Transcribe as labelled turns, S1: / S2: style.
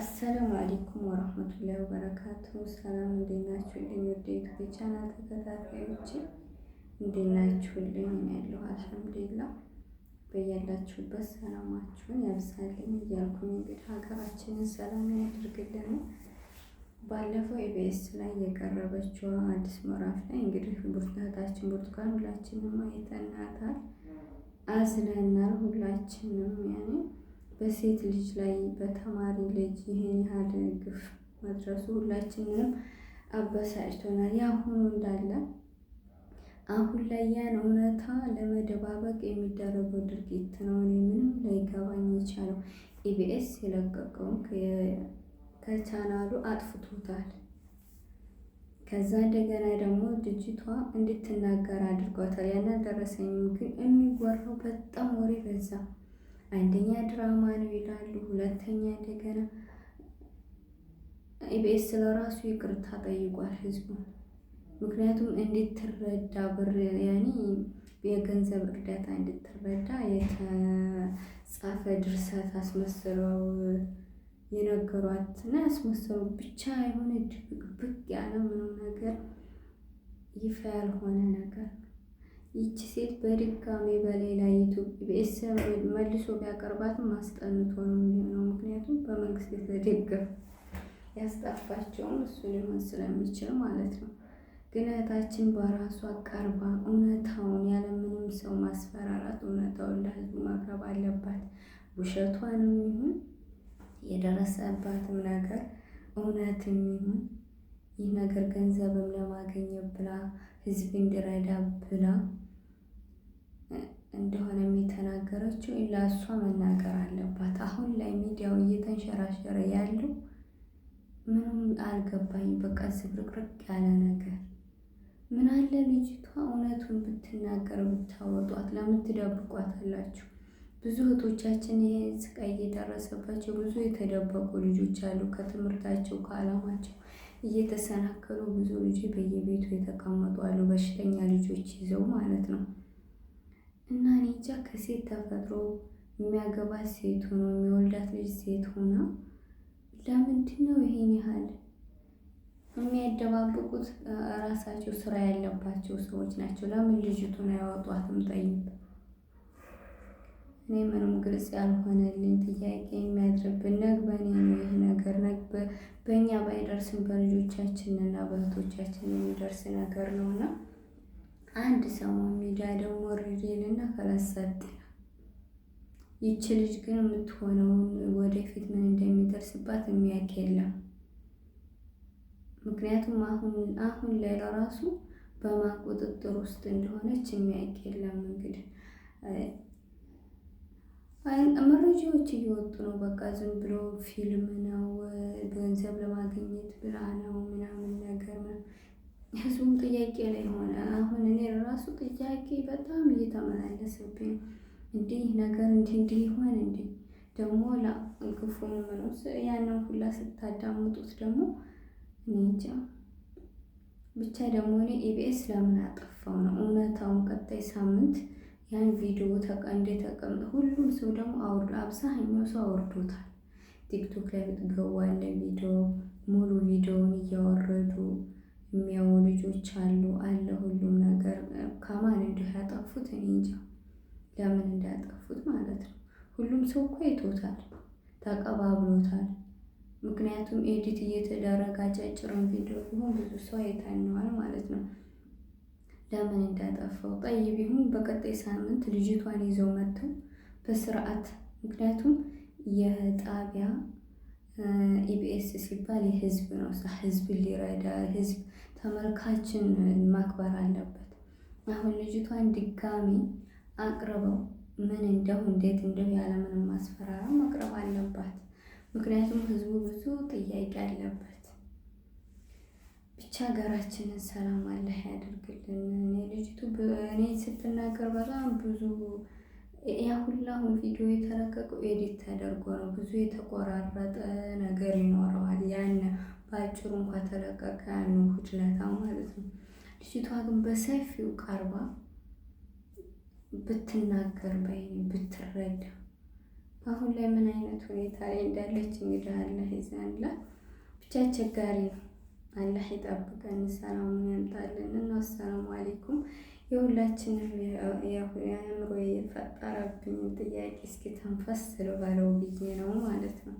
S1: አሰላሙ አሌይኩም ወረህመቱላሂ ወበረካቱ። ሰላም እንዴት ናችሁልኝ? ወደ ዩቲዩብ ቻናል ተከታታዮች እንዴት ናችሁልኝ? ያለሁ አልሐምዱሊላህ። በያላችሁበት ሰላማችሁን ያብዛልኝ እያልኩኝ እንግዲህ ሀገራችንን ሰላም ያድርግልን። ባለፈው ኢቢኤስ ላይ የቀረበችው አዲስ ምዕራፍ ላይ እንግዲህ ብርታታችን ብርቱካን ሁላችንም አይተናታል፣ አዝነናል ሁላችንም ያኔ በሴት ልጅ ላይ በተማሪ ልጅ ይህን ያህል ግፍ መድረሱ ሁላችንንም አበሳጭቶናል። ያ ሆኖ እንዳለ አሁን ላይ ያን እውነታ ለመደባበቅ የሚደረገው ድርጊት ነው። እኔ ምንም ላይገባኝ የቻለው ኢቢኤስ የለቀቀውን ከቻናሉ አጥፍቶታል። ከዛ እንደገና ደግሞ ልጅቷ እንድትናገር አድርጓታል። ያና ደረሰኝ ግን የሚወራው በጣም ወሬ በዛ። አንደኛ ድራማ ነው ይላሉ፣ ሁለተኛ እንደገና ኢቢኤስ ስለራሱ ይቅርታ ጠይቋል ህዝቡ። ምክንያቱም እንድትረዳ ብር ያኔ የገንዘብ እርዳታ እንድትረዳ የተጻፈ ድርሰት አስመስለው እና ያስመሰሉ ብቻ የሆነ ድብቅ ብቅ ያለ ምንም ነገር ይፋ ያልሆነ ነገር ይቺ ሴት በድጋሜ በሌላ ዩቱብ መልሶ ቢያቀርባትም ማስጠንቶ ነው የሚሆነው። ምክንያቱም በመንግስት የተደገፈ ያስጠፋቸውም እሱ ሊሆን ስለሚችል ማለት ነው። ግን እህታችን በራሷ ቀርባ እውነታውን ያለምንም ሰው ማስፈራራት እውነታውን ለህዝቡ ማቅረብ አለባት። ውሸቷንም ይሁን የደረሰባትም ነገር እውነትም ይሁን ይህ ነገር ገንዘብም ለማገኘ ብላ ህዝብ እንዲረዳ ብላ እንደሆነ የተናገረችው ለእሷ መናገር አለባት። አሁን ላይ ሚዲያው እየተንሸራሸረ ያለው ምንም አልገባኝ፣ በቃ ስብርቅርቅ ያለ ነገር ምን አለ ልጅቷ እውነቱን ብትናገር ብታወጧት። ለምን አላችሁ። ብዙ እህቶቻችን ይህ ስቃይ እየደረሰባቸው ብዙ የተደበቁ ልጆች አሉ። ከትምህርታቸው ከዓላማቸው እየተሰናከሉ ብዙ ልጆች በየቤቱ የተቀመጡ አሉ፣ በሽተኛ ልጆች ይዘው ማለት ነው። እና እኔ እንጃ ከሴት ተፈጥሮ የሚያገባት ሴት ሆኖ የሚወልዳት ልጅ ሴት ሆና ለምንድን ነው ይሄን ያህል የሚያደባብቁት? ራሳቸው ስራ ያለባቸው ሰዎች ናቸው። ለምን ልጅቱን አያወጧትም? ጠይቅ። እኔ ምንም ግልጽ ያልሆነልኝ ጥያቄ የሚያድርብን ነግበን ነው ይህ ነገር ነግበ በእኛ ባይደርስም በልጆቻችንና በእህቶቻችን የሚደርስ ነገር ነውና አንድ ሰሞን ሜዳ ደግሞ ሪዴልና ፈለሰጥ ይቺ ልጅ ግን የምትሆነውን ወደፊት ምን እንደሚደርስባት የሚያውቅ የለም። ምክንያቱም አሁን አሁን ላይ ለራሱ በማን ቁጥጥር ውስጥ እንደሆነች የሚያውቅ የለም። እንግዲህ መረጃዎች እየወጡ ነው። በቃ ዝም ብሎ ፊልም ነው፣ ገንዘብ ለማግኘት ብላ ነው ብዙም ጥያቄ ላይ ሆነ። አሁን እኔ ራሱ ጥያቄ በጣም እየተመላለሰብኝ እንዲህ ነገር እንዲህ እንዲህ ይሆን እንዴ? ደግሞ ለክፉ ምኖስ ያንን ሁላ ስታዳምጡት ደግሞ እንጃ ብቻ ደግሞ እኔ ኢቢኤስ ለምን አጠፋው ነው እውነታውን። ቀጣይ ሳምንት ያን ቪዲዮ ተቀንደ ተቀምጠ ሁሉም ሰው ደግሞ አውርዶ አብዛኛው ሰው አውርዶታል። ቲክቶክ ላይ ብትገቡ አለ ቪዲዮ ሙሉ ቪዲዮውን እያወረዱ የሚያ ልጆች አሉ አለ ሁሉም ነገር ከማን እንዳያጠፉት እኔ እንጃ ለምን እንዳያጠፉት ማለት ነው። ሁሉም ሰው እኮ አይቶታል፣ ተቀባብሎታል። ምክንያቱም ኤዲት እየተደረገ አጫጭርን ቪዲዮ ቢሆን ብዙ ሰው አይታነዋል ማለት ነው። ለምን እንዳጠፋው ጠይ ቢሆን በቀጣይ ሳምንት ልጅቷን ይዘው መጥተው በስርዓት ምክንያቱም የጣቢያ ኢቢኤስ ሲባል የህዝብ ነው። ህዝብ ሊረዳ ህዝብ ተመልካችን ማክበር አለበት። አሁን ልጅቷን ድጋሚ አቅርበው ምን እንደው እንዴት እንደው ያለምንም ማስፈራራ መቅረብ አለባት። ምክንያቱም ህዝቡ ብዙ ጥያቄ አለበት። ብቻ ሀገራችንን ሰላም አላህ ያደርግልን። ልጅቱ እኔ ስትናገር በጣም ብዙ ያ ሁላ ቪዲዮ የተለቀቀው ኤዲት ተደርጎ ነው። ብዙ የተቆራረጠ ነገር ይኖረዋል። ያን በአጭሩ እንኳ ተለቀቀ ያን ሁችለታ ማለት ነው። ልጅቷ ግን በሰፊው ቀርባ ብትናገር በይ ብትረዳ አሁን ላይ ምን አይነት ሁኔታ ላይ እንዳለች እንግዲህ አላህ ይዛንላት። ብቻ አስቸጋሪ ነው። አላህ ይጠብቀን፣ ሰላሙን ያምጣልን እና አሰላሙ አሌይኩም የሁላችንም የአእምሮ የፈጠረብኝ ጥያቄ እስኪ ተንፈስ ስለው ባለው ብዬ ነው ማለት ነው።